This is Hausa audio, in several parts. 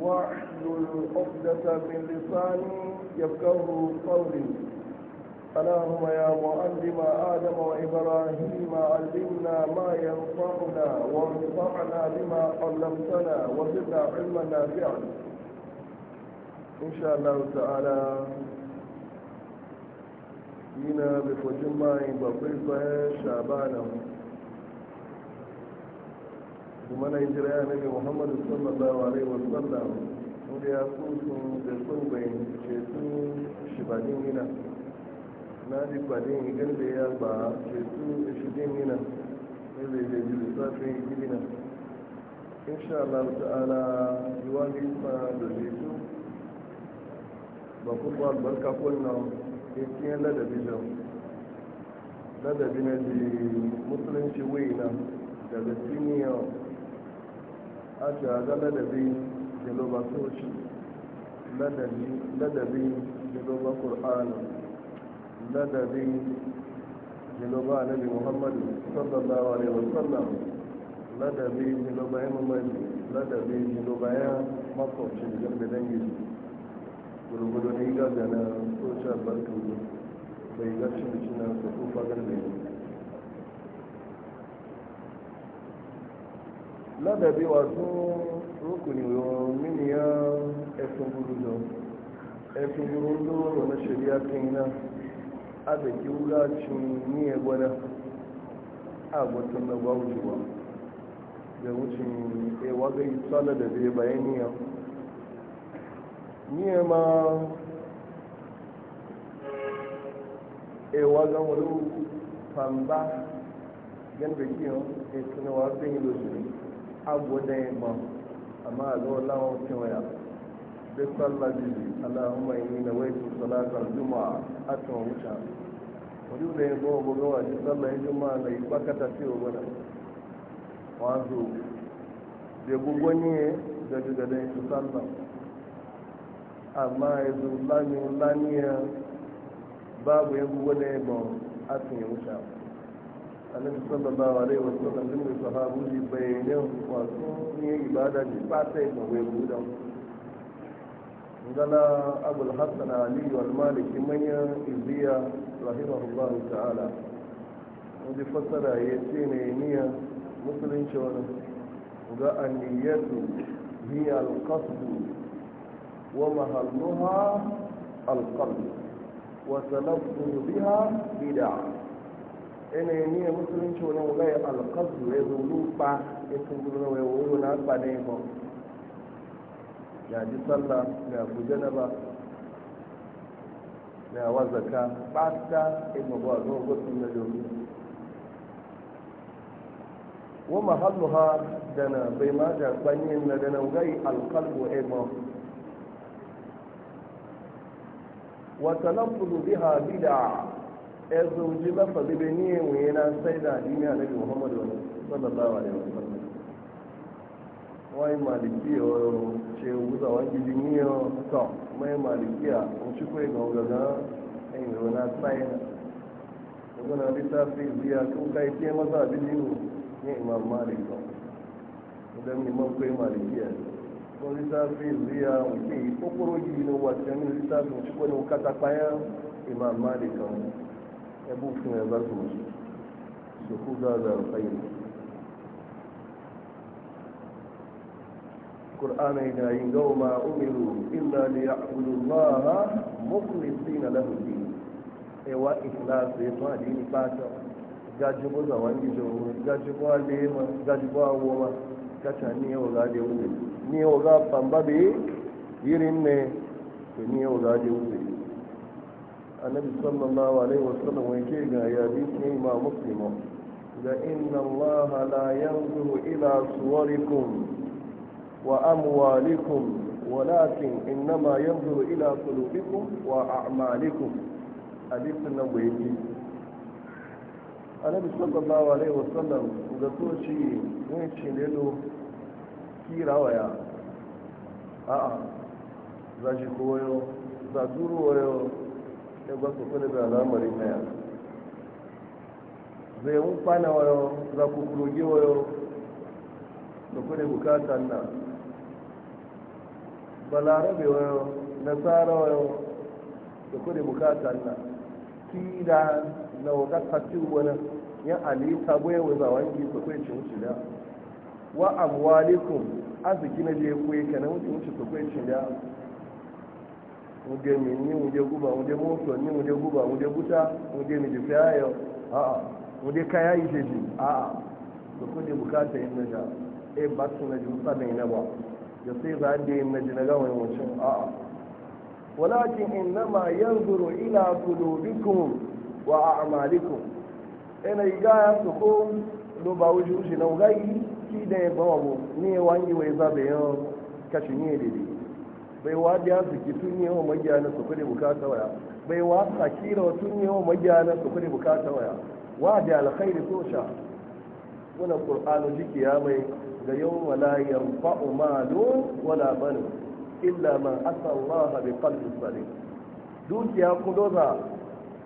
واحلل عقدة من لساني يفقه قولي اللهم يا معلم آدم وإبراهيم علمنا ما ينفعنا وانفعنا بما علمتنا وزدنا علما نافعا إن شاء الله تعالى ينا بفجمع بفيفة شعبانه kuma na jira ya nabi muhammadu sallallahu alaihi sallam wanda ya so sun da sun bai ba din yana na ji kwadin idan da ya ba shi din yana ne zai je ji lissafin gidina insha Allah ta'ala yiwa nisa da ceto ba kuma albarka kunnan yankin ladabi jan ladabi na ji musulunci wai na daga senior a ce a ga ladabi da loba soci ladabi da ba ƙur'anu ladabi da ba annabi muhammadu sallallahu alaihi wasallam ladabi da ba ya mamaji ladabi da ba ya makwabci da gambe dangi gurgudu ne ga gana soci albarka bai ga cin cinan su kufa garbe lọ́dẹ̀bí wà tún rúkùnì mínìyàn ẹ̀sùn gbùrùdọ̀ ẹ̀sùn gbùrùdọ̀ lọ́nà ṣẹlẹ̀ akínná abẹ̀kí wúlá tún ní ẹgbọ́dá àgbọ̀tún lọ́gbà òjòwà yẹ̀wọ́n tún ẹwà gẹ́ ìtọ́ lọ́dẹ̀bí báyẹ̀ níyàn ní ẹ máa ẹwà gan pàmbá gẹ́nbẹ̀kí hàn ètò náà wà bẹ́yìn lóṣèlú agudan ma amma a zo lawan kewaya duk sallah jiji allahumma inni na waitu salatar juma'a a kan wuta wani da ya zo buga wa ji sallah ya juma'a na yi bakata ce wa gudan wazo da gugunye da jugadan su sallah amma ya zo lami ya e, babu ya gugunan ma a kan wuta annabi sallallahu alaihi wa sallam din sahabu ji bayanin wasu ne ibada ji ba fata ya mai budan gana abul hassan ali wal maliki manyan iziya rahimahullah ta'ala wani fassara ya ce ne niyya musulunci wani ga aniyatu هي القصد ومهلها wa وتلفظ biha bid'ah ene ni ya musulunci wani wula ya alkazu ya zulu ba ya sun zulu na wuri na ba ne ba ya ji sallah ya guje na ba ya wazaka ba ta ya mabu a zuwa gudun na yomi wa mahalluha da na bai ma da kwanyin na da na gai alkalbu ya ma وتلفظ بها بدعه ya ji n'ihe bai ni yin yana sai da adini annabi muhammad sallallahu alaihi wasallam wai maliki ce wuza wangi jini yo to mai maliki a in ci kai ga gaga ai mai na sai da wannan littafi biya kun kai ke maza bidiyo ne imam malik idan imam kai ko littafi wuce kokoro gini wacce يبوكم يبركم شكوك هذا الخير القرآن na ينقوا ما أمروا إلا ليعبدوا الله مخلصين له الدين إيوا إخلاص يطوى ديني باتا gajibu za wani jiru gajibu a lema gajibu a woma kacha ni yau za da wuce ni yau za bamba da ne ni yau za da wuce annabi sallallahu alaihi wasallam wai ke ga yadi ne ma muslimo da inna allah la yanzuru ila suwarikum wa amwalikum walakin innama yanzuru ila qulubikum wa a'malikum hadisin nan bai yi annabi sallallahu alaihi wasallam da so shi mun shi ne do kirawaya a'a za shi koyo za duruwayo ya ba su kuna da lamarin na zai mun kwana wayo za ku kuroge wayo da kuna bukatar na balarabe wayo nasara wayo da kuna bukatar na kila na kacin wani ya alita bai wa ki su kai cin da. wa amwalikum arziki na je kuwa kanan wuce wuce su kai da. wuje mini wuje guba wuje moto ni wuje guba wuje buta wuje mi jifi ayo a'a wuje kaya ishe ji a'a da kuje bukata yin naja e ba su na ji musa da ba da sai za a yin naji na gawa yin wancan a'a walakin innama yanzuru ila qulubikum wa a'malikum ina igaya su ko lo ba wuce shi na ugayi ki da ya bawa mu ne wangi wai zabe yau kashi ne daidai bai wa biya tun yi wa yawa magiyana su kudi bukata waya bai wa sakira wa tun yi wa magiyana su kudi bukata waya wa da alkhairi so sha wannan qur'anu jiki ya mai ga yawma la yanfa'u malun wala banu illa man asa Allah bi qalbin salim dukiya kudoza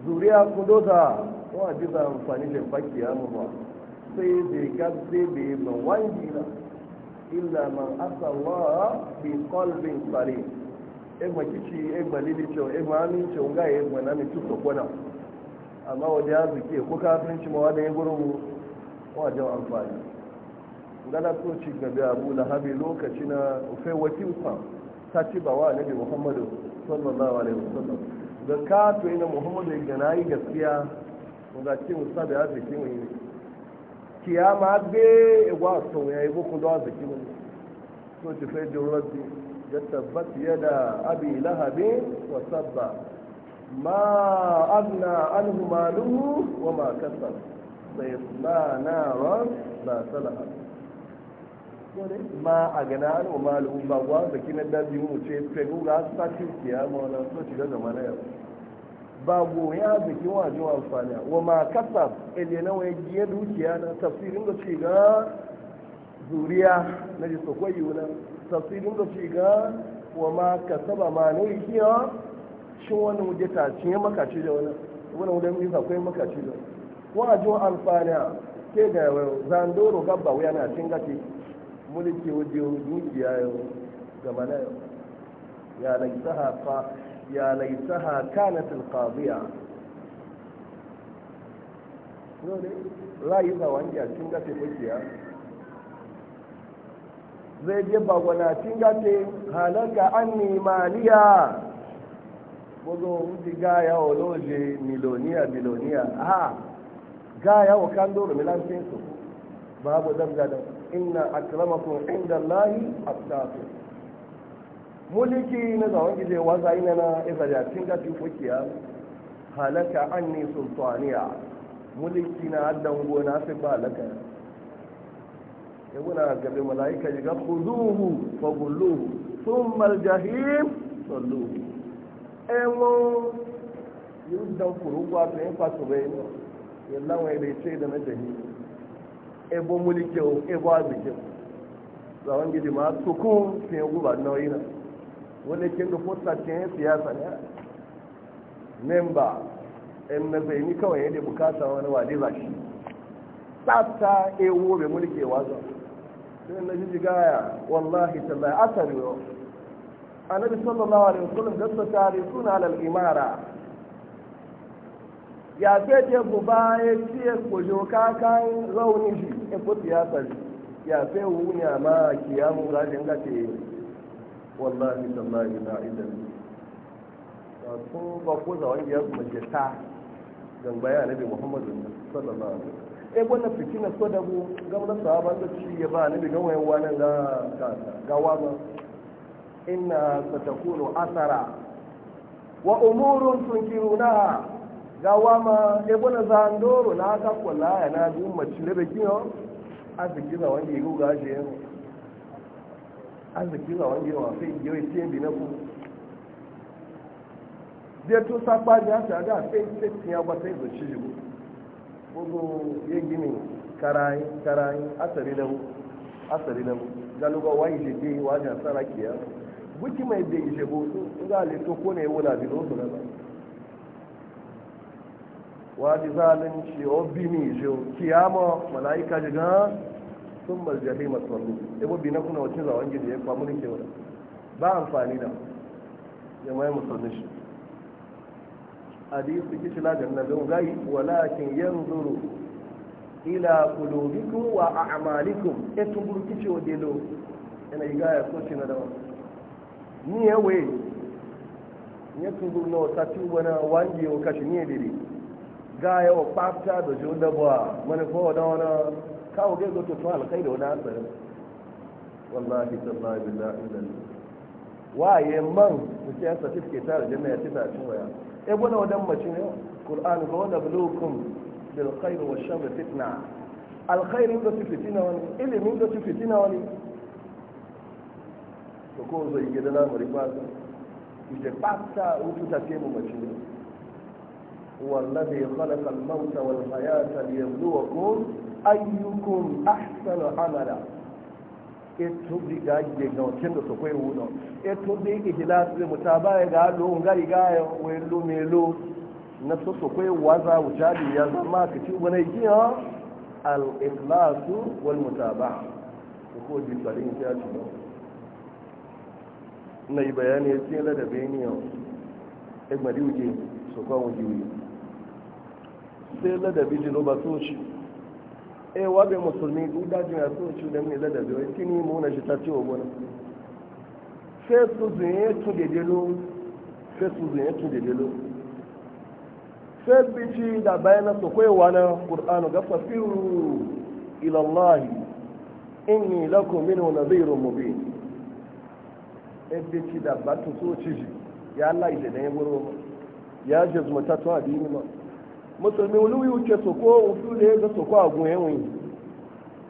zuriya kudoza wa ji amfani da bakiya mu ba sai bai ga sai bai mawangi na illa ma asa wa bi kolbin fari. e ma kici e lili cewa e ma min cho ga e ma na mitu tuko amma wajen ya zuke ko kafin shi ma wajen ya gurin wajen amfani gana so ci gabi abu habi lokaci na ufe wakilfa ta ci ba wa nabi muhammadu sallallahu alaihi wasallam da kato ina muhammadu ya gana yi gaskiya ga cin sabi arziki mai kiyama be igwa sun ya yi bukun dawa zaki wani so ci fai jin rabbi ya tabbat ya da abi lahabi wa sabba ma abna an humaluhu wa ma kasar sai na na ran ba salaha ma a gana an humaluhu ba gwa zaki na dabi mu ce fai ga sati kiyama wani so ci gaga mana yau babu ya zaki wajen amfani wa ma kasa na waye giye dukiya na tafsirin da ce ga zuriya na ji sakwai yuna tafsirin da ce ga wa ma kasa ba ma ne kiya shi wani wuje ta cinye makaci da wani wani wuje mai sakwai makaci da wajen amfani ke ga zandoro gabba wuya na cin gati mulki wajen dukiya yau gaba na yau ya na gisa hafa ya laisaha kanatul qadiya rayu ba wani gafe zai je ba gwana gafe halarka an nimaniya bugu wuce gaya wa loje miloniya miloniya ha gaya wa kan doro babu muliki na zaman gije waza ina na izajacin gafi fukiya halaka an ne sultaniya muliki na addan gona fi ba halaka yabuna gabe mala'ika ji ga kuzuhu fa gulluhu sun sallu salluhu ewon yuddan kurugwa ta yin fasu bai ne yallan wai bai ce da na jahi ebo mulki ebo azikin zawon gije ma sukun fi guba nauyi na wani kin ga fosacin yin siyasa ne memba in na zaini kawai yadda bukata wani wade za shi tsata ewu eh, mai mulke wazo sai na jiji gaya wallahi tallahi asari yau na sallallahu alaihi lalawa da su tare suna alal imara ya bu ba ya ciye ku jo kakan rauni shi ya fi siyasa ya wuni a ma kiyamu rajin gace wallahi tallahi na idan ba ko ba ko za wani ya mace ta gangba ya nabi muhammadu sallallahu alaihi wasallam eh wannan fitina so da mu ga mun ba da shi ya ba nabi ga wayan wannan ga ga wazo inna satakunu asara wa umurun tunkiruna ga wama eh za zandoro na ka kula na gumma cire da kiyo a fitina wani ya ga je arziki za wani yawa sai yawai ce bi na ku zai to sapa ji hasa ga sai sai ya ba sai zuci shi gugu ya gini karayi karayi asari na mu asari na mu galuga wani jeje wajen saraki ya guki mai da ishe gugu ga lito ko ne wula bi zo su na ba wadi zalunci obi ni jo kiyama malaika jigan sun marjahi masu wani ibo bi na kuna wacin zawon gidi ya kwamu ne kewa ba amfani da ya maye musulmi shi hadisi kishi lagar na zan gai walakin yan zuru ila kulubikum wa a'malikum e tuburu kici o delo ina iga ya so shi na da ni ya we ni tuburu na ta ti wana wangi o kashi ni dele ga ya o papta do jo da ba mana ko da wana kawo gai goto to alkai da wani asarin wallahi tallahi billahi illallah waye man da sai certificate ta aljanna ya ta cin waya eh bona wadan mace ne qur'an ga wanda bulukum bil khair wa shar fitna al khair da fitina wani ilimin da su fitina wani to ko zai gida na muri ba ije pasta ututa mu mace ne والذي خلق الموت والحياة ليبلوكم ayyukum ahsanu amala eto bi ga je ga kin da sokoi wuno eto bi ga hilas mu ta baya ga lo ngari ga yo we lo me lo na so sokoi waza wujadi ya zama ka ci wani giya al ikhlas wal mutaba'a ko di salin ta ci na yi bayani ya ce da beniyan egmari uje sokon wujiwi sai ladabi jino ba so shi e wabe musulmi duk dajin ya so ci da mini ladabi wai kini mu na shi ta ce wa gona sai su zuye tun da delo sai su zuye tun da delo sai bici da bayan su koyewa na qur'anu ga fasiru ila allah inni lakum minhu nadhirun mubin e bici da batu so ci ya Allah ide da ya buru ya jazmata to adini ma musulmi wani wuce soko wufi da ya ga soko a gun yawon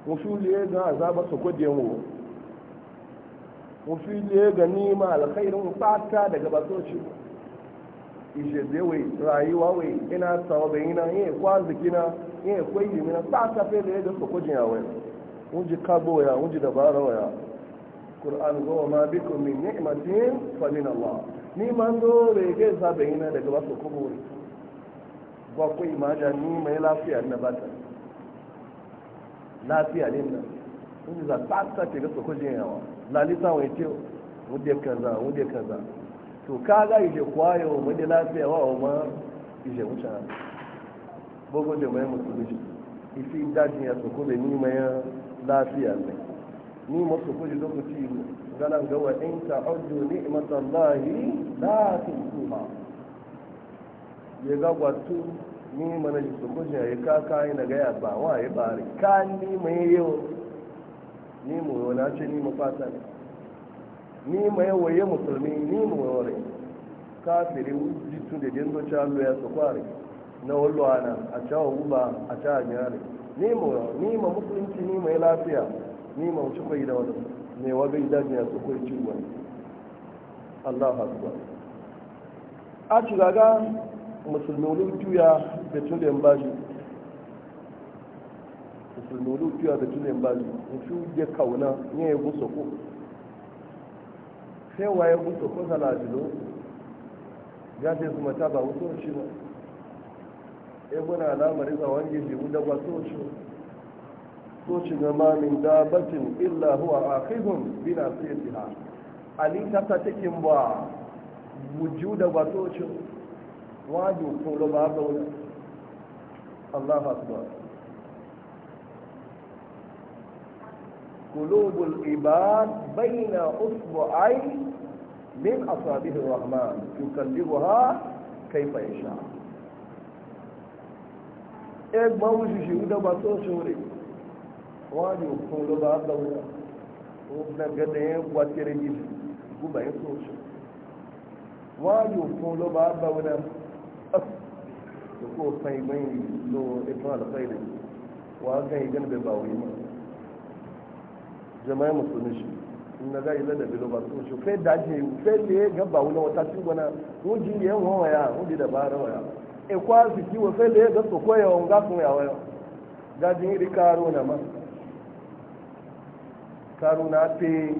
wufi da ya ga azaba soko da yawon wufi da ya ga nima alkhairin fata daga basoci ishe zai wai rayuwa wai ina tsawo bai yi na yin kwaziki na yin kwayi mina fata fai da ya ga soko jin yawon wunji kabo ya wunji dabara ya kur'an gowa ma bikin min ni'matin fa min allah ni man dore ga zabe ina daga basoci kuma ba ku imaja ni mai lafiya na ba ta lafiya ne nan sun ji za ta ta ce ga sokojin yawa lalisa wai ce wudde kaza wudde kaza to kaga ije kwayo wudde lafiya wa o ma ije wuce bogo je mai musulunci ifi dajin ya sokobe ni mai lafiya ne ni ma sokoji lokaci galan gawa in ta'uddu ni'matallahi la tuhsuha ya ga gwatu ni mana ji sun kusa ya ka kayi na gaya ba wa ya bari ka ni mai yau ni mu yau na ce ni mu fata ne ni mai yau ya musulmi ni mu yau Ka kafiri jitu da dindo cha ya sokwari na wallo ana a cha uba a cha nyare ni mu ni ma musulunci ni mai lafiya ni ma wuce da wani ya Allah a ci musulmi juya da tunayen bashi musulmi juya da tulen baji mutu ya kauna ya yi gusa ko sai waye gusa ko zanajilo ya ce su mata ba wuto shi ba ebuna alamari za wange shi guda ba so shi so shi ga mamin dabatin illa huwa akihun bina sai ta ali ta ta cikin ba wujuda ba so shi wájú fún ló bá bọ̀ قلوب العباد بين أصبعين من أصابه الرحمن يكلبها كيف يشاء إيه ما وجه يودا باتو شوري واجي وكون لو باب دولا وبنا قدين إيه؟ واتيري جيس قبا يسوش واجي وكون لو باب دولا da ko sai mai lo e ibn al-qayyim wa ga idan e da ba wai ma jama'a musulmi shi in na ga idan e da bilo ba su shi kai da je kai ne ga ba wani wata ci gona mu ji yan waya mu da bara waya e kwa su kiwo kai ne ga su koya wa ga su ya waya ga jin ri karo na ma karo na te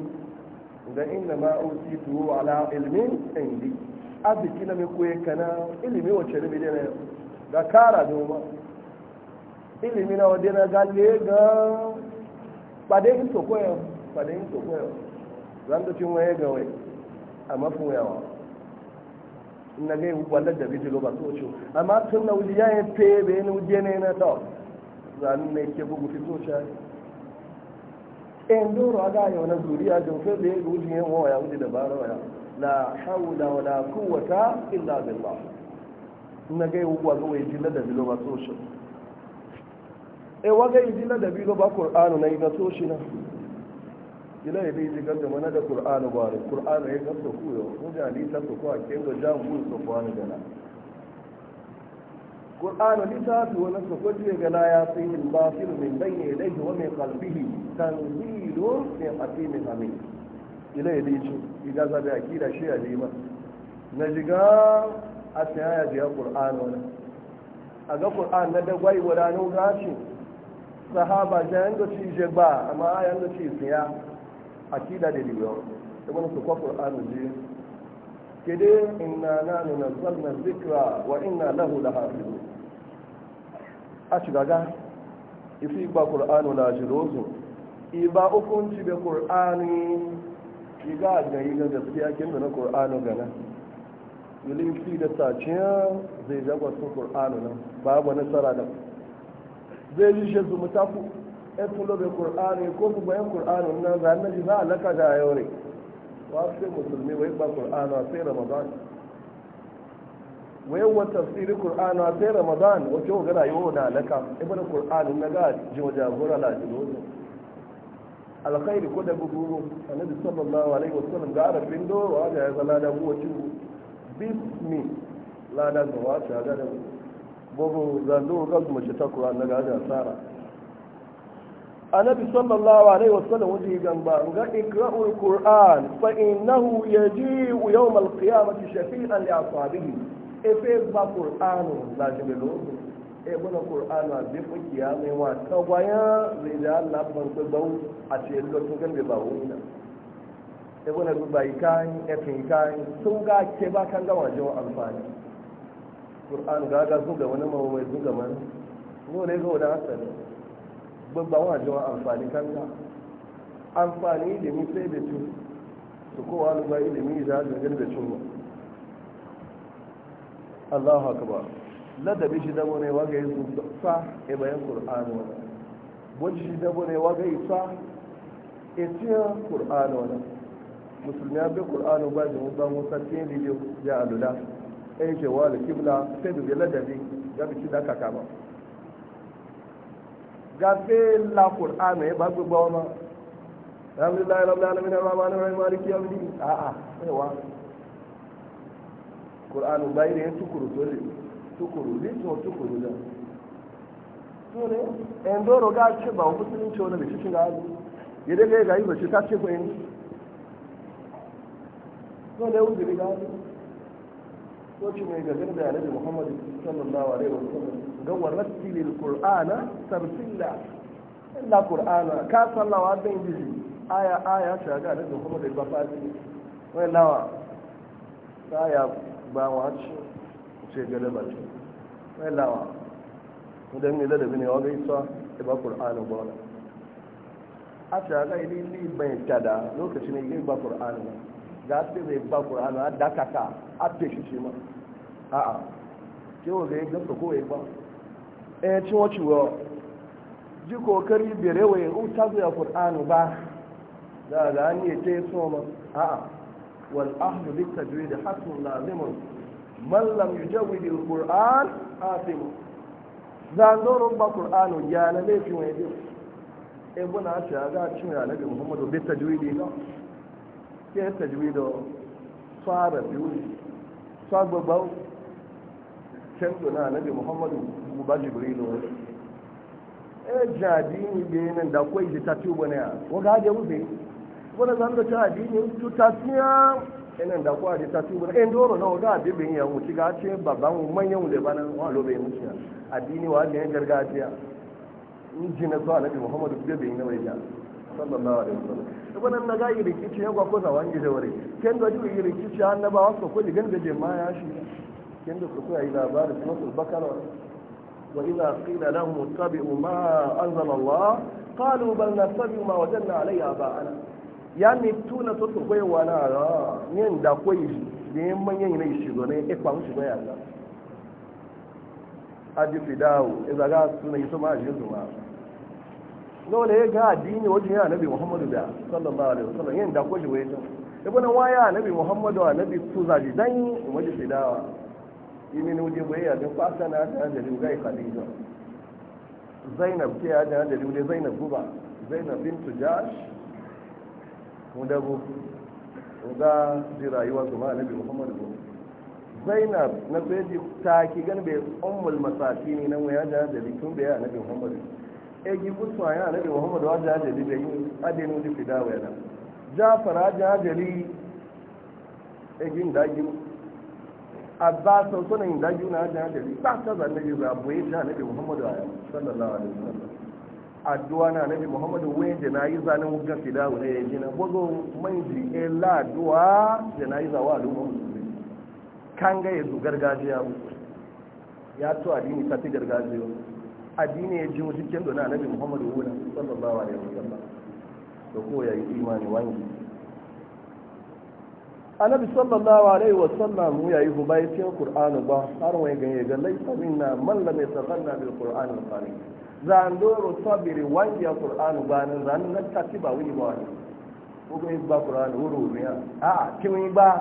da inna ma utitu ala ilmin indi arziki na mai koye kana ilimi wacce rubi dai na yau ga kara noma ilimi na wadda na galle ga ɓadayin tokoyon ɓadayin tokoyon zan da cin waye ga wai a mafin yawa na gai wallar da bijilo loba so ce amma tun na wuji yayin fe e bai ni wuje ne na ta zan e na ke bugu fi so ce in doro a ga yau na zuriya don fe bai ga e wujin yin waya wuji da bara waya la haula wala quwwata illa billah na ga yau gwa zuwa jinna da bilo ba so shi eh wa ga jinna da bilo ba qur'anu na yi ga so shi na ila yi bai ga mana da qur'anu ba qur'anu ya ga so kuyo yo mun ni ta so ku a kin ga jan bu so ku ne gana qur'anu ni ta fi wani so ku ga la ya fi al-batil min bayni yadayhi wa min qalbihi tanzilun min hakimin amin Ile ya iga zabi akida shi ya na jiga a sai ya jiya qur'an a ga qur'an na da gwai wala no gashi sahaba ci je ba amma ayan da ci siya akida da da mun su ko qur'an ji kede inna nanu nazzalna dhikra wa inna lahu lahafizun a shiga ga ifi ba qur'anu la jirozu iba ki ga gari na gaskiya kin da na qur'anu gana yulin fi da saciya zai zagwa su qur'anu nan babu nasara da zai yi shi mu tafu e tulo be ko su bayan qur'anu nan za na ji za a laka da ne. wa sai musulmi wai ba a sai ramadan wai wa tafsiri a sai ramadan wato ga rayuwa da alaka ibn qur'anu na ga jiwa jagora la jiwa alkhairi ko da guduru annabi sallallahu alaihi wasallam ga arabin doro wa da ya zama da kuwa cikin bismi lada ga wata da da bobo zando ga kuma shi ta qur'an daga da sara annabi sallallahu alaihi wasallam wani gamba ga ikra'ul qur'an fa innahu yaji'u yawm al-qiyamati shafi'an li ashabihi ife ba qur'anu la jibelu Ebola eh, gwada a bi fukiya mai wa ta gwaya zai da allah a ce lokacin gambe ba wuna e gwada kayan efin kayan sun ga ke ba kan gama jin amfani ƙur'anu ga ga zuga wani mawai zuga mana nuna ga wani asali babba wa jin amfani kan ga amfani sai da su kowa ilimi da cin Allahu akbar ladabi shi dabo ne waga e yi sa e bayan ƙur'ani wani wani shi dabo ne waga yi sa e tiyan ƙur'ani wani musulmi ya bi ƙur'ani ba jin wuta musa tiyan lidiyo ya alula e yi cewa da kibla sai dubi ladabi ya bi shi da kaka ba gafe la Kur'anu ya ba gbogbo wama alhamdulillah rabbil alamin arrahmanir rahim maliki yawmiddin a'a aiwa e ƙur'ani bai da yin tukuru dole tukuru lito tukuru da su ne endo doro ga ce ba musulunci wani da shi ga yi idan ga ga yi ba shi ta ce kwayin to ne wuzuri ga hali soci mai gazin da yanayi muhammad sallallahu alaihi wasallam ga lil qur'ana tartilla illa qur'ana ka sallawa dan gizi aya aya ta ga da kuma da ba fasi wai lawa ta ya ba wa ce ce ce mai lawa idan mai ladabi ne waga isa ya ba ƙur'anin ba wani a shaga ilili bayan kyada na ne ba ƙur'anin ba ga sai zai ba ƙur'anin a dakaka a feshi shi ma a'a ke zai gasa ko ya ba ji kokari bere wa ya uta ba da ga an yi ta yi soma a'a wal ahdu bi tajwid hasun man lam yujawwid alquran asim zandoro ba qur'anu ya na le fi wani e buna ta ga cin ya nabi muhammadu bi tajwidi no ke tajwido fara biyu sabu bau can tuna nabi muhammadu ba jibrilu e jadini be nan da kwai ji ta tuba ne wa ga je wuce wani zan da ta adini tutasiya ina da kuwa da ta tubu en doro na ga bibin ya wuce gace ce babban manyan da bana wa lobe mushi addini wa da gargajiya in ji na zuwa bi muhammadu bibin na bai ja sallallahu alaihi wasallam ibn e, na ga yi rikici ya gwako za wangi da wuri ken da ju yi rikici annabawa su kulli gan da jama'a ya shi ken da su koyi labarin suratul bakara wa idza qila lahum ittabi'u ma anzala allah qalu bal nattabi'u ma wajanna alayhi aba'ana ya mitu na sotu kwaye wani ara yin da kwaye shi da yin manyan yana shigo ne ipa mu shigo yana aji fidawo iza ga suna yi sama aji zuma dole ya e ga addini wajen ya nabi muhammadu da sallallahu alaihi wasallam yin da kwaye wai ta ibn waya nabi muhammadu wa nabi tuza ji dan yi waje fidawa yimi ne waje bai e ya ga fasa na ta da rugai khadija zainab ke ya da rugai zainab guba zainab bintu jash mu dabo ga zai rayuwa su ma annabi muhammadu ba zainab na sai ta ki gan bai ummul masaki ne nan waya da da tun bai annabi muhammadu e gi kusu ya annabi muhammadu wa da da bai adenu di fida waya da jafara da da li e gi ndagi abba so so ndagi na da ba ta ta zanne ji rabu na annabi muhammadu sallallahu alaihi wasallam addu'a na nabi muhammadu wayan jana'iza na wugan fidawo ne ya gina gwazo man ji e la addu'a jana'iza wa al'umma musulmi kan ga yanzu gargajiya ya to addini ta fi gargajiya addini ya ji wasu kendo na nabi muhammadu wuna sallallahu yanzu wasallam da koya ya yi imani wangi annabi sallallahu alaihi mu ya yi hubaicin qur'ani ba har wani ganye ga laifin na man lam yatafanna bil qur'ani al-karim zandoro sabiri ya qur'anu bani zanu na tati ba wuli ba wani ko yi ba qur'anu wuro ne a kin yi ba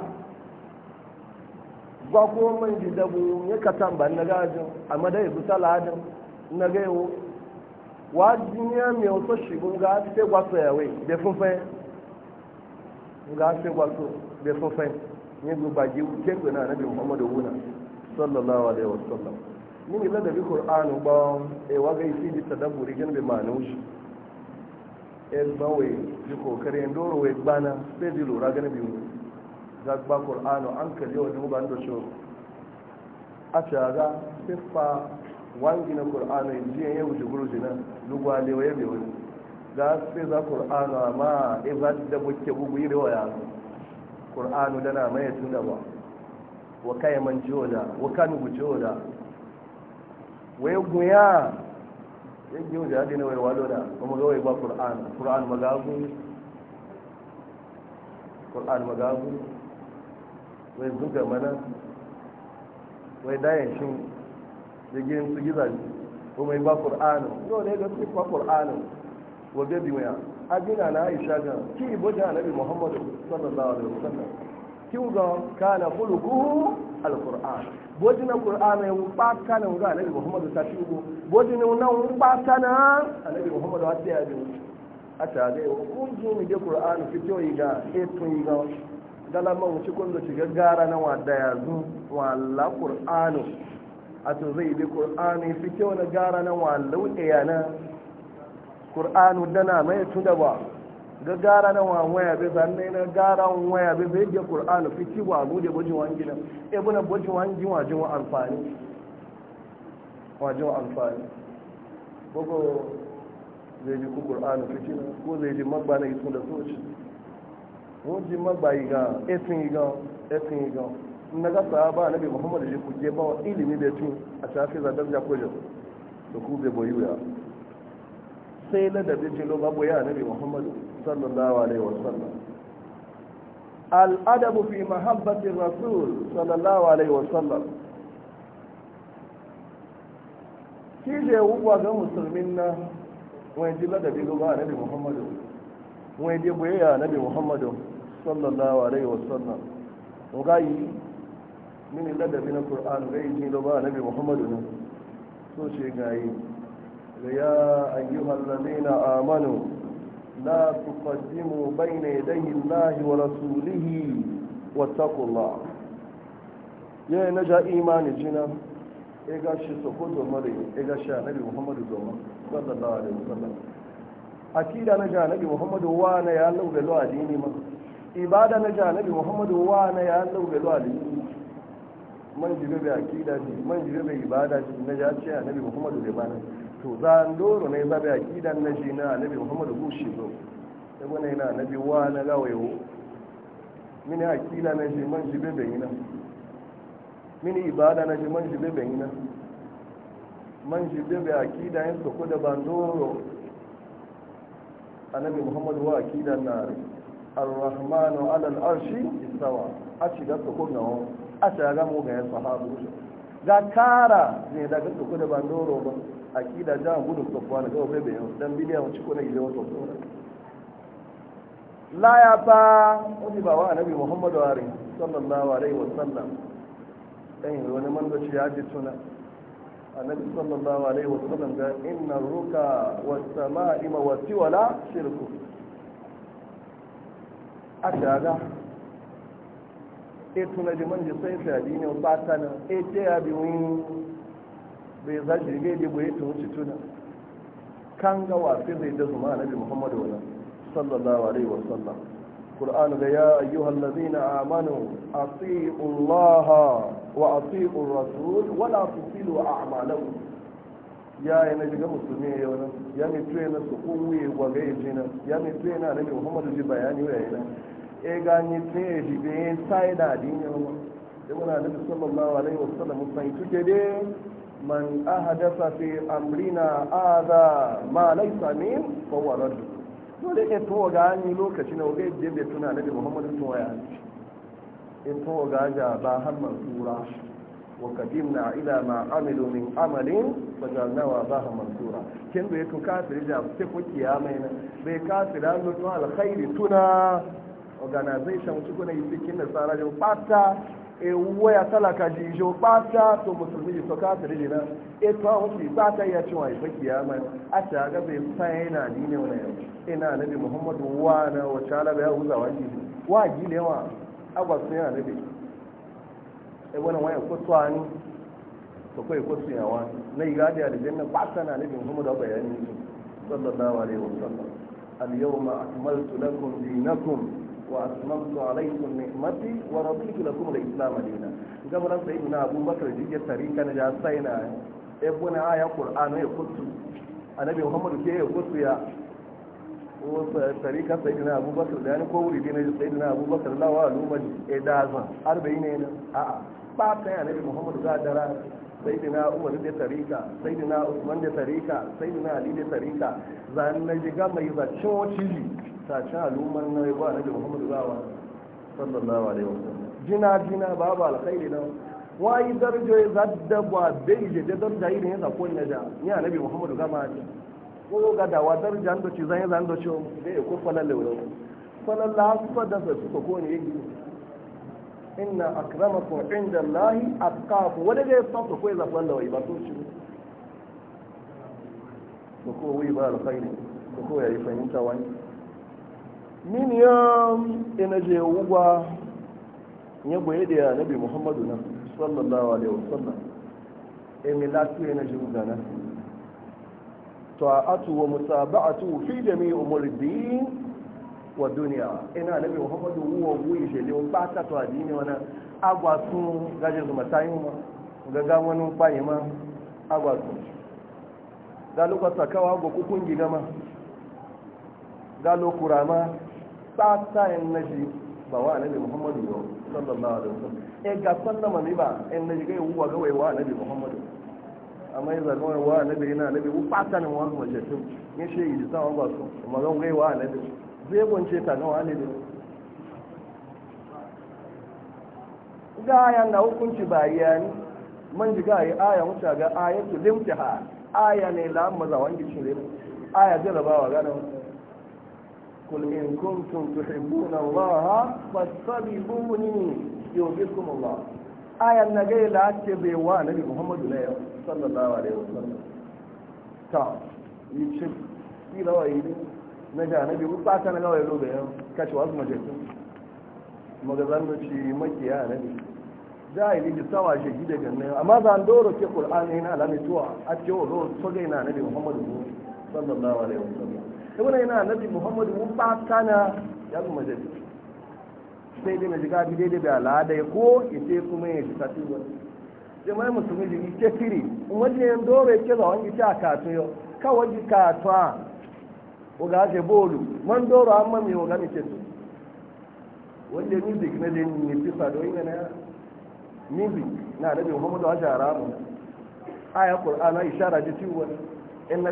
ba ko man ji dabu ya katan ban na gajin amma da yi busala na ga wa duniya mi o to shigun ga se gwa ya yawe de funfe ga se gwa so de funfe ni gba ji ke na nabi muhammadu wuna sallallahu alaihi wasallam mini ladabi ƙur'anu ba e waga isi ji ta daburi gina bai ma'ana wuce yan e, bawai ji kokari yan doro wai gbana sai ji lura gani biyu za ba ƙur'anu an kalli wa dubu ban doce a shaga siffa wangi na ƙur'anu in jiyan ya wuce guru jina lugwa lewa ya bewa za sai za ƙur'anu amma e za ta dabu ke bugu yi rewa ya ƙur'anu dana mai tun da ba wa kayaman jiyo da wa kanu gujewa da wai guya ya gyo da hadina wai wado da kuma ga wai ba qur'an qur'an magagu qur'an magagu wai zuga mana wai dayan shi. da gidan su giza kuma ba qur'an Yau ne ga su ba qur'an wa ga bi waya adina na aisha ga ki boja annabi Muhammadu sallallahu alaihi wasallam ki ga kana khuluquhu alqur'an boji na qur'ana ya wupa kana wuga annabi muhammad ta shugo boji ne na wupa kana annabi muhammad wa ta yabi ata ga kunji ne da qur'ana fito ga e tun yiga galama mu ci kun da shiga gara na wadda yazu walla A ato zai bi qur'ani fito na gara na walla wuya e na qur'anu dana mai tudaba ga gara na waya bai sanne na gara waya bai bai ga qur'an fi ci wa mu da bujin wangi na e buna bujin wangi wa jin amfani wa jin amfani bogo zai ji ku qur'an fi ci ko zai ji magba na isu da soci ko ji magba yi ga etin ga etin ga na ga sahaba nabi muhammad ji ku je ba ilimi da tun a shafi zadar ja ko da ku bai boyuya sai ladabin jilo babu ya nabi muhammadu sallallahu alaihi wasallam al'adabu fi mahabbatin rasul sallallahu alaihi wasallam kije wuwa ga musulmin na wani da ladabi ga nabi muhammadu wani je boye ya nabi muhammadu sallallahu alaihi wasallam ugayi mini ladabi na qur'an gai ji ba nabi muhammadu so shi gayi ya ayyuhal ladina amanu la tuqaddimu bayna yadayi llahi wa rasulihi wattaqullah ya yi na ja imani jina ya ga shi soko domare ya shi annabi muhammadu domar sallallahu alaihi wasallam akida na ja annabi muhammadu wa ya lau da ma ibada na ja annabi muhammadu wa ya lau da man jibe bai akida ne man jibe bai ibada ne na ja ce annabi muhammadu bai bana to za a doro na yi zaɓe a gidan na shi na annabi muhammadu bushi zo ya gwana yana annabi wa na gawayo mini a kila na shi man shi bebe yana mini ibada na shi man shi bebe yana man shi bebe a kida yin soko da ba doro annabi muhammadu wa a kidan na arrahmanu alal arshi Isawa, a shiga soko na wani a shiga mu ga yan sahabu ga kara ne daga soko da ba doro ba akida jan gudu sofuwa na gawa bebe bayan dan biliyan wacce ko na gida wata wata la ya fa wani ba wa annabi muhammadu wari sallallahu alaihi wasallam dan yi wani mangaci ya ji tuna annabi sallallahu alaihi wasallam ga inna ruka ma wasi, wala shirku a shaga e tuna ji manji sai shadi ne ba ta e ce ya bi wani bai za shi gai da bai ta wuce tuna kan ga wafi zai da zuma nabi muhammadu wala sallallahu alaihi wa sallam qur'an ga ya ayyuhal ladina amanu atiiu allaha wa atiiu rasul wa la tusilu a'malakum ya yi na shiga musulmi ya wani ya mai tuye na su kunwuye gwaga ya jina ya mai tuye na nabi muhammadu ji bayani wa yana e gani tuye shi bayan sai da adini ya wani ya wani nabi sallallahu alaihi wa sallam musan tuke dai من أهدف في أمرنا هذا ما ليس منه فهو رد dole in tuwo ga an yi lokaci na wuri da bai tuna na da muhammad tuwa ya hanci in tuwo ga ja ba hamman tura wa kadim na ila ma amilu min amalin fajalnawa ba hamman tura kin bai tun kafiri da ta kuki ya mai na bai kafira lutun alkhairi tuna organization su kuna yi bikin nasara da fata ewuwe ya talaka jijo bata to musulmi ji soka ta rijina e to an fi bata ya ci wai ya a ta ga bai sai na ni ne yau ina nabi muhammadu wa na wa chala bai huza wa ji wa wa agwa sun ya nabi e wani waya ko to an to kai ya na iga da aljanna na nabi muhammadu bayani sallallahu alaihi wasallam al yawma akmaltu lakum dinakum وأتممت عليكم نعمتي ورضيت لكم الإسلام دينا قبل أن سيدنا أبو بكر جيجة تريكا نجاسينا ابن آية قرآن يقص النبي محمد كي يقص يا tarika sayidina abubakar da ya ni ko wuri dina ji sayidina abubakar lawa lumani a dazan arba'in ne a a ba ta yana bi muhammadu gadara sayidina umar da tarika sayidina usman da tarika sayidina ali da tarika zan na jiga mai zacin wacili ta ci haluman na ba na da muhammadu zawa sallallahu alaihi wasallam jina jina babu alkhairi nan wayi yi ya zadda ba bai je da darja yi ne za ko da ni annabi muhammadu gama ji ko ga da wa darja an ci zan zan do ci um, da ya ko falalla wa falalla fa da su ko ko ne yi inna akramakum inda allahi wani da ya tsaka ko za falalla wa ba to ci ko ko wi ba alkhairi ko ko ya yi fahimta wani min ya ina je wugwa ya boye da nabi muhammadu na sallallahu alaihi wasallam in latu ina je wugwa na ta'atu wa mutaba'atu fi jami'i umuri din wa dunya ina nabi muhammadu huwa wuyi je le ba ta to adini wana agwa sun gaje zuma tayin ma gaga wani fayi ma agwa sun ga lokacin kawa ga kukun ma ga lokurama tsata in na shi ba wa annabi muhammadu yau sallallahu alaihi wasallam e ga sallama ne ba in na muhammadu amma ya zarga wa annabi yana annabi ku fata nan wani majalisun ya ce yi sa wani basu amma zan wa annabi zai gunce ta ga wani ga na hukunci bayan man ji ga aya ga ayatu limtiha aya ne la aya ga قل إن كنتم تحبون الله فاتبعوني يوفقكم الله آية النجاة لا تبيوا نبي محمد صلى الله عليه وسلم تا يتشب إلى وإلى نجا نبي وطاعة نجا ويلو بيهم كاشو أزمة جيتم مغزان نشي مكيا نبي jahili da sawa shi gida ganna amma zan doro ke qur'ani na alami tuwa a cewa ro soge na nabi muhammadu sallallahu alaihi wasallam ta wani yana annabi muhammadu mun ba kana ya zama da sai dai mai jiga bi da al'ada ya ko ita kuma ya shi sati wani jama'i musulmi ji ike firi wajen yin dore ke za wani ita a kato yau kawai ji kato a oga ake bolu man doro an mami oga su wanda na da ne fi music na annabi muhammadu a jara mu ishara ji ciwon in na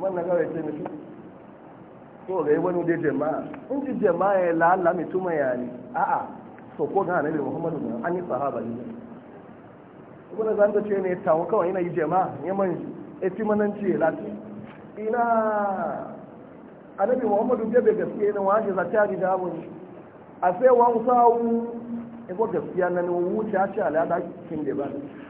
wannan gawai ce mutu to ga wani dai jama'a in ji jama'a ya lalla mutu mai yani a so ko ga annabi muhammadu na an yi sahaba ne wanda zan ta ce ne tawo kawai yana yi jama'a ya man eti mananci ya lati ina annabi muhammadu gabe gaskiya ne waje za ta ri da abu a sai wa musawu ego gaskiya nan wuce a ce alada kin da ba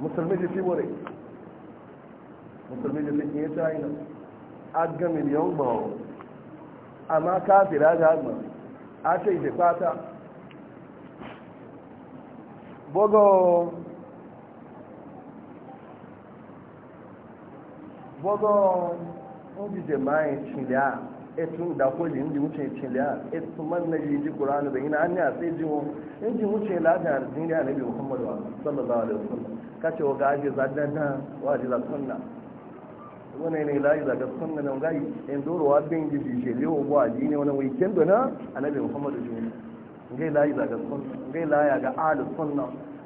musulmi ji fi wuri musulmi ji fi kiye china aga miliyan gbawo amma kafira ga agba a ce ije kwata bogo bogo ndije mai chilia etu da kwaji ndi wuce chilia etu man na yi ji kuranu da yana an yi a sai jiwo in wuce lafiyar jiniya na biyu muhammadu sallallahu alaihi wasallam kace wa gaje zadan na wa ji sunna wannan ne la ga sunna nan gai in doro wa bin ji ji je lewo wa ji ne wannan weekend na annabi Muhammad jini ngai la ga sunna ngai la ya ga ahli sunna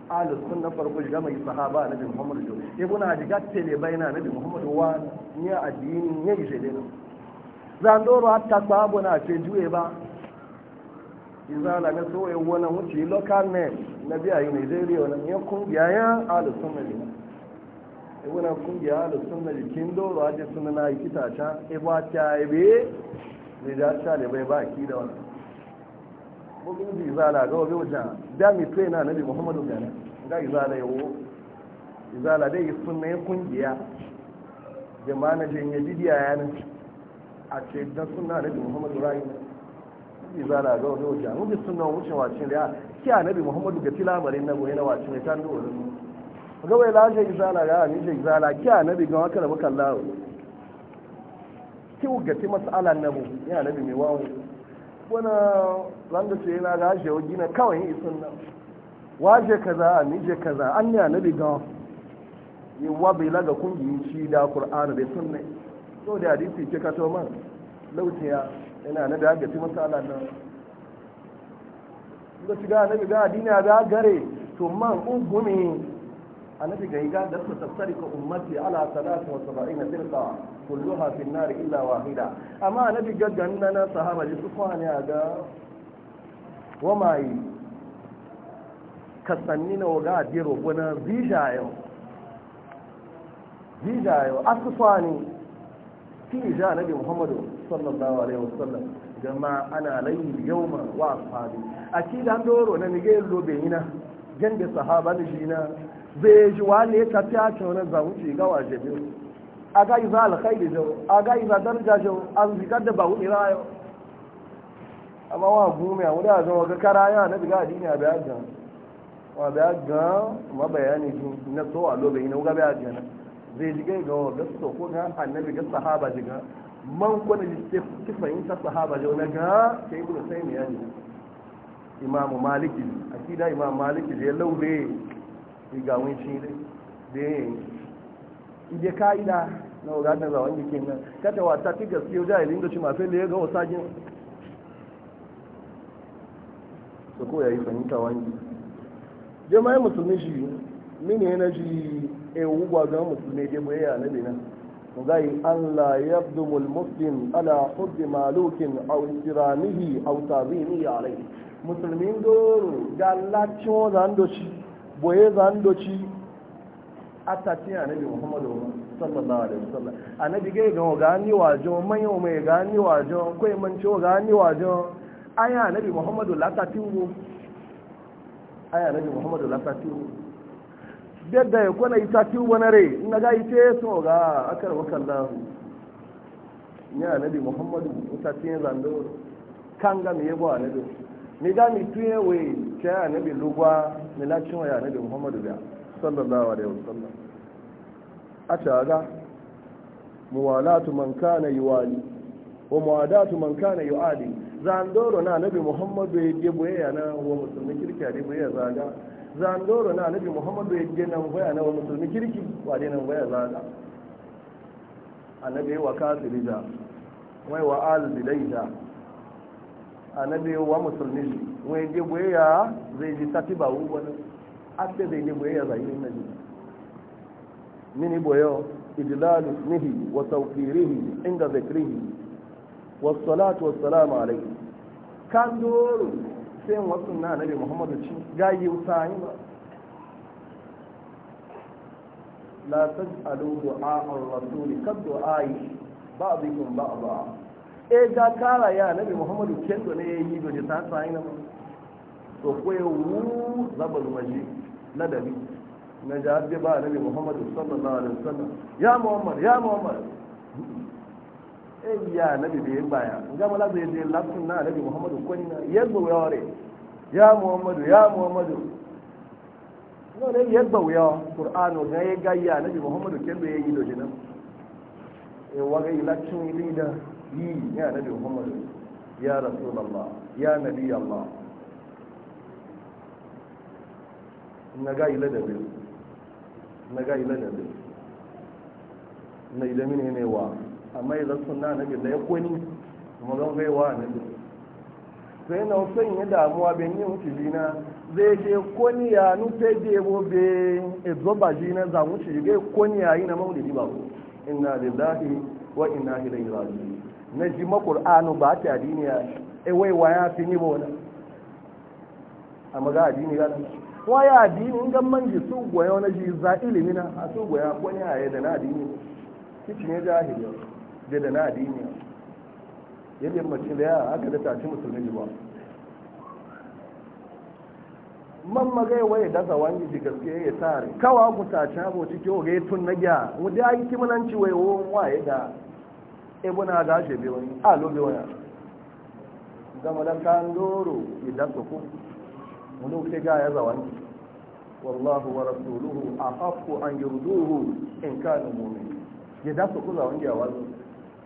ahli sunna farko ga mai sahaba annabi Muhammad jini buna ji ga tele bayna annabi Muhammad wa ni addini ne ji je lewo zan doro hatta sahabu na ce juye ba izala na soye wani wuce local name na biya yi nigeria wani ya kungiya ya alisun na jina ibuna kungiya alisun kin jikin doro aje suna na yi ta ba ta be zai da ta da bai ba ki da wani bugun da izala ga wabe wajen mi tsaye na nabi muhammadu gani ga izala yawo izala dai yi suna ya kungiya jama'a na jinyar bidiya yanin a ce don suna nabi muhammadu rayu izala ga wani wajen mu bi sunna wucin wacin da ki nabi muhammadu ga tilamarin na goyi na wacin ya tan dole ga wai la je izala ga ni je izala ki nabi ga wakala baka Allah ki ga ti mas'alan nabu ya nabi mai wawo wana ranga ce yana ga je na kawai yi sun sunna waje kaza ni je kaza an ya annabi ga yi wa bai laga kungiyin shi da qur'ani da sun sunna so da hadisi ke kato man lautiya yana na da gafi masala nan ga ci ga na ga addini ga gare to man ungumi annabi ga iga da su ka ummati ala na firqa kulluha fi an-nar illa wahida amma annabi ga ganna na sahaba ji su a ga wamayi kasanni na waga diro gona bijayo bijayo asfani fi ja nabi muhammadu sallallahu alaihi wasallam gama ana layi yawma wa ashabi a da an doro na nige lobe ina gende sahaba da jina zai ji wani ta ta ta za zamuci ga waje be aga iza al jau jo aga iza daraja jo an zikar da ba ira rayo amma wa gumi a wani a ga karaya na biga adini a bayan gan wa da ga ma bayani na so a lobe ina ga bayan gan zai jige ga wa gasa ko ga annabi ga sahaba jiga man kwana jiste ki fahimta sahaba é yau né? é na ga ke ibn sayyid ya ne imamu maliki akida imamu maliki da ya laure igawin shi ne da ya yi ide ka'ida na wadatar zawon jikin nan kata wata ta gaske yau jahilin da shi mafi da ya ga wasa jin su ko ya yi fahimta wani jama'ai musulmi shi mini yana ji ewu gwagon musulmi dai bai a bi nan غي أن لا يبدم المسلم على حد مالوك أو احترامه أو تعظيمه عليه مسلمين دور قال لا تشو زاندوشي بوي زاندوشي أتاتي النبي محمد sallallahu alaihi wasallam annabi gai ga gani wajo mai mai gani wajo kai man ciwo gani wajo aya annabi muhammadu latatiwu aya annabi muhammadu latatiwu biyadda ya kwana ita ci wani rai na ga ita so ga akar wakan lahu ya nabi muhammadu ita ci yin zando kan ga mai yabo a nabi ni ga mi tuye we ta ya nabi lugwa ni na cin ya nabi muhammadu biya sallallahu alaihi sallam. a ta ga muwalatu man kana yuwali wa muwadatu man kana yuadi zandoro na nabi muhammadu ya debo ya na wa musulmi kirkiya debo ya zaga zandoro na annabi muhammadu ya je nan waya na musulmi kirki wa dai nan waya zaga annabi wa kafiri da wai wa albilai da annabi wa musulmi wai je goyya zai ji tatiba wu wani abda zai je goyya zai yi nabi mini boyo idlal ismihi wa tawqirihi inda zikrihi والصلاة والسلام عليه كان دوره sai wasu na nabi muhammadu ci gayi wuta yi ba la taj'alu du'a ar-rasul ba du'ai ba ba e ga kala ya nabi muhammadu kendo ne yi do ta sai na to kwaye wu zabar maji dabi na jihar ba nabi muhammadu sallallahu alaihi wasallam ya muhammad ya muhammad ya nabi bai baya ga mala zai je lafin na nabi muhammadu kunna yadda ware ya muhammadu ya muhammadu no ne yadda waya qur'ano ga ya ga ya nabi muhammadu ken kendo yayi do jinan e wa ga lafin ni da yi ya nabi muhammadu ya rasulullah ya nabi allah na ga ila da bil na ga ila da bil na ila mine ne wa amma idan suna na da ya kwani kuma zan gaiwa na gida to yana son ya damuwa bai yi wuce jina zai je ya nufe da yabo jina za shi ya yi na maulidi ba wa na ji ba ta ya e wai wa ya fi ni bona amma ga dini ga wa ya dini ga man ji su goyo na ji za ilimina a su goya ya da na dini kici da da na adini yadda mace da yawa aka da tashi musulmi ba man magai waye dasa wani ji gaske ya tare kawa ku ta cabo ciki o ga tun na gya mu da yi kimananci waye wo waye da ibuna da she be wani a lo be zama da kan doro idan ku ku wani ke ga ya zawani wallahu wa rasuluhu ahaqqu an yurduhu in kanu mu'min ya dasa ku zawani ya wazo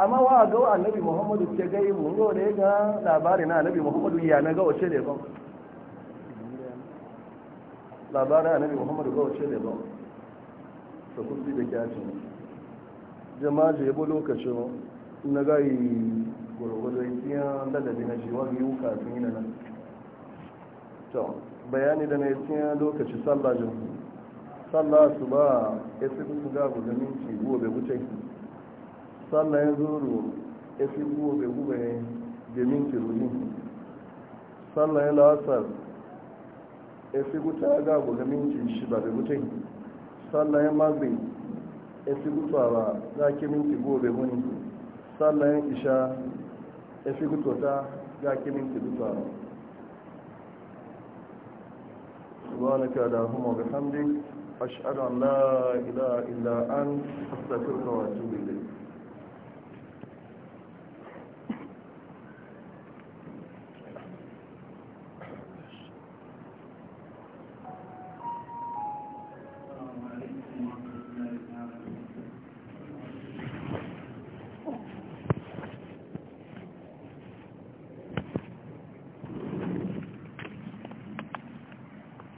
amma wa ga annabi muhammadu ke gai mun da ya ga labari na annabi muhammadu ya na gawace da ne ba labarin annabi muhammadu gawace da ne ba ta kusi da kyacin jama'a ya bu lokacin na gai gwargwado iya ladabi na shi wani yiwu kafin yi na nan to bayani da na yi tiyan lokaci sallajin jin sallah su ba ya su ga gudanin ci gobe wuce sallah ya zuru ya fi gube gube da minti rudi sallah ya lasar ya fi guta ga guga minti shi ba da gutai sallah ya magbe ya fi ba za ki minti gobe wani sallah ya isha ya fi gutota za ki minti gutawa سبحانك اللهم وبحمدك أشهد أن لا إله إلا أنت أستغفرك وأتوب إليك